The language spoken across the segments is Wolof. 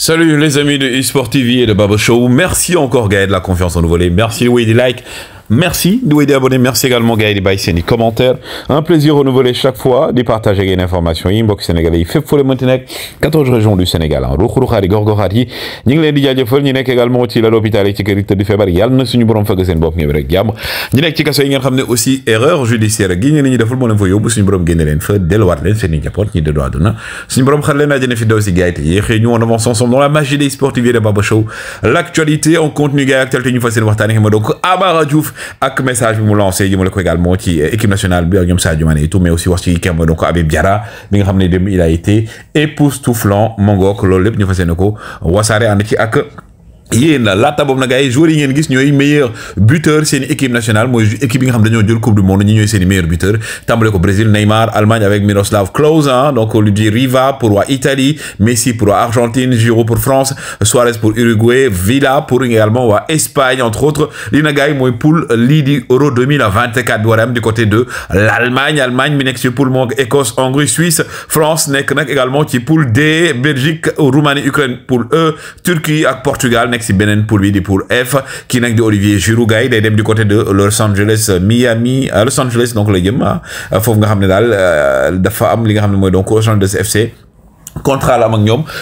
Salut les amis de eSport TV et de Babo Show. Merci encore Gaël de la confiance en nous voler. Merci Louis des Merci de vous aider à abonner. Merci également, Gaël Baïs, des commentaires. Un plaisir renouvelé chaque fois de partager les informations. Inbox sénégalais, il fait pour le Montenegro, 14 régions du Sénégal. Roukhourkhari, hein. Gorgokhari, ñu ngi leen di jaajëfal ñu nekk également ci la l'hôpital yi ci kër yi tëdd feebar yàlla na suñu borom fëgg seen bopp ñëw rek jàmm. ñu nekk ci kaso yi ngeen xam ne aussi erreur judiciaire gi ñu ne ñu deful moo leen fa yóbbu suñu borom génne leen fa delluwaat leen seen i njaboot ñi dëddu àdduna suñu borom xar leen àjjana fi daw si gars yi yéexee ñu on avance ensemble dans la magie des sportifs de Baba Show. L'actualité on continue gars yi actualité ñu fas yéene waxtaanee ma donc Abara Diouf ak message bi mu lancé jëmale ko également ci équipe nationale bi ak ñoom Sadio Mané et mais aussi wax ci kemb donc Habib Diarra bi nga xam ne dem il a été époustouflant mongook loolu lépp ñu fas yéene ko wasaare ànd ak yéen la laata boobu ay joueurs yi ngeen gis meilleur buteur une équipe nationale L'équipe équipe bi nga xam dañu jël coupe du monde ñi ñooy seen meilleur buteur que le Brésil Neymar Allemagne avec Miroslav Klose hein. donc dit Riva pour l'Italie. Italie Messi pour l'Argentine. Argentine Giroud pour France Suarez pour Uruguay Villa pour également Espagne entre autres li nag gay moy poule li di Euro 2024 bi 24 du côté de l'Allemagne Allemagne mi nekk ci poule Écosse Hongrie Suisse France nek nak également ci poule D Belgique Roumanie Ukraine poule E Turquie ak Portugal c'est si pour lui lui pour F qui n'a que Olivier Giroud gars est du côté de Los Angeles Miami euh, Los Angeles donc le jëm il ah, nga que je daal euh, dafa am li nga xam ne donc Los Angeles FC contrat la am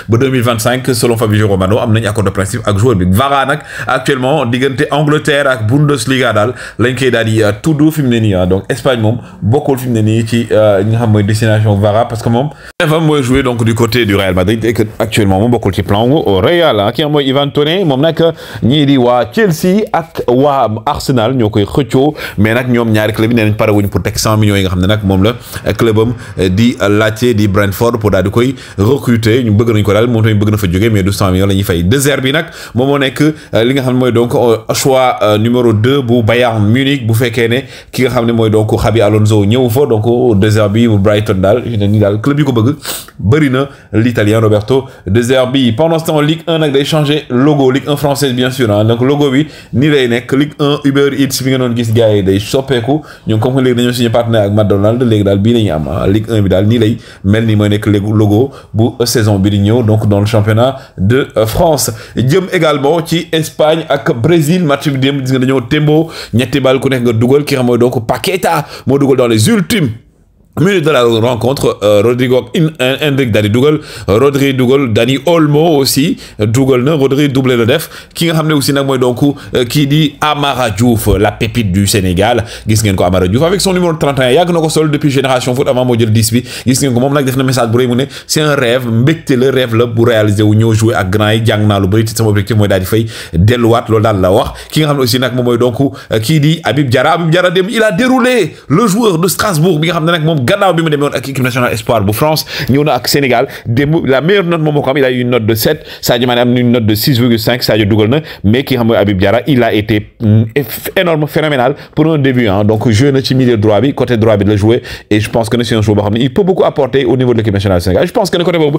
ak 2025 selon Fabio Romano am nañu accord de principe ak joueur bi Vara nak actuellement diggante Angleterre ak Bundesliga dal lañ koy daal tout euh, tudd ah. donc Espagne mom de fi mu ci euh, ñi nga xam destination Vara parce que mom va mooy jouer donc du côté du Real Madrid et que actuellement mom bokkul ci plan au Real qui ah. nga Ivan Toné mom nak ñi di wa Chelsea ak wa Arsenal ñokoy koy mais nak ñom ñaari club yi nee wuñ pour tek 100 millions yi nga xam nak mom la clubum di di Brentford pour daal koy recruter ñu bëgg nañ ko daal moom tamit bëgg na moo nekk euh, li nga xam ne mooy donc euh, choix euh, numéro 2 bu Bayern Munich bu fekkee ne ki nga xam ne mooy donc Xabi Alonso ñëw fa donc De Zerbi bu Brighton daal ne ni daal club yi ko na l'italien Roberto De Zerbi pendant ce temps Ligue 1 nag day changé logo Ligue 1 française bien sûr ah bi lay nekk Ligue 1 Uber Eats nga doon gis gars yi day soppeeku ñoom comme que léegi dañoo signé partenaire ak McDonald's léegi daal bii la ñuy am nii mooy nekk logo bu saison bi donc dans le championnat de euh, France jëm également ci Espagne ak Brésil match bi dem gis nga dañoo témboo ñetti bal ku nga donc Paqueta Mo dans les ultimes Minute de la rencontre, euh, Rodrigo Hendrik Dani Dougal, Rodrigo Dougal, Dani Olmo aussi, euh, Dougal Rodrigo Rodri le qui a aussi Namoy Donkou, euh, qui dit Amara Diouf, la pépite du Sénégal, Amara Diouf, avec son numéro 31, un seul depuis Génération Foot avant Module 10, Gisngenko, mon de message pour lui, c'est un rêve, C'est le rêve pour réaliser ou nous jouer à Grand et le Brit, c'est mon objectif, moi qui a aussi qui dit Abib Diara, Abib il a déroulé le joueur de Strasbourg, qui a ramené gannaaw bi mu demee équipe nationale espoir bu France ñëw na ak Sénégal la meilleure note moom il a eu une note de 7 Sadio Mané am une note de 6,5 Sadio dugal na mais ki nga xam mooy Habib il a été mm, énorme phénoménal pour un début ah donc joué na ci droit bi côté droit jouer et je pense que ne c'est un joueur boo xam ne il peut beaucoup apporter au niveau de l'équipe nationale du Sénégal je pense que ne côté boobu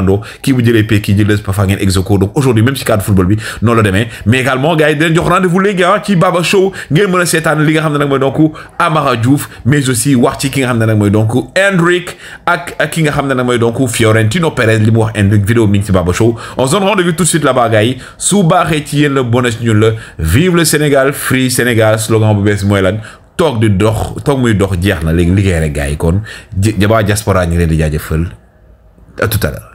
àndandoo kii bu jëlee pay kii ngeen ex donc aujourd'hui même si cadre football bi noonu la demee mais également gars yi jox rendez-vous ah, ci Baba Show ngeen mën a seetaan li nga xam ne nag mooy donc Amara Diouf mais aussi wax ci ki nga xam ne nag mooy donc Endrick ak ki nga xam ne nag mooy donc Fiorentino Perez li mu wax Endrick vidéo mi ngi ci Baba Show on se donne rendez-vous tout de suite là-bas gars baaxee ci yéen la bonnes ñun la vive le Sénégal bu bees mooy lan toog di dox toog muy dox jeex na léegi liggéey rek gars yi kon di jaajëfal à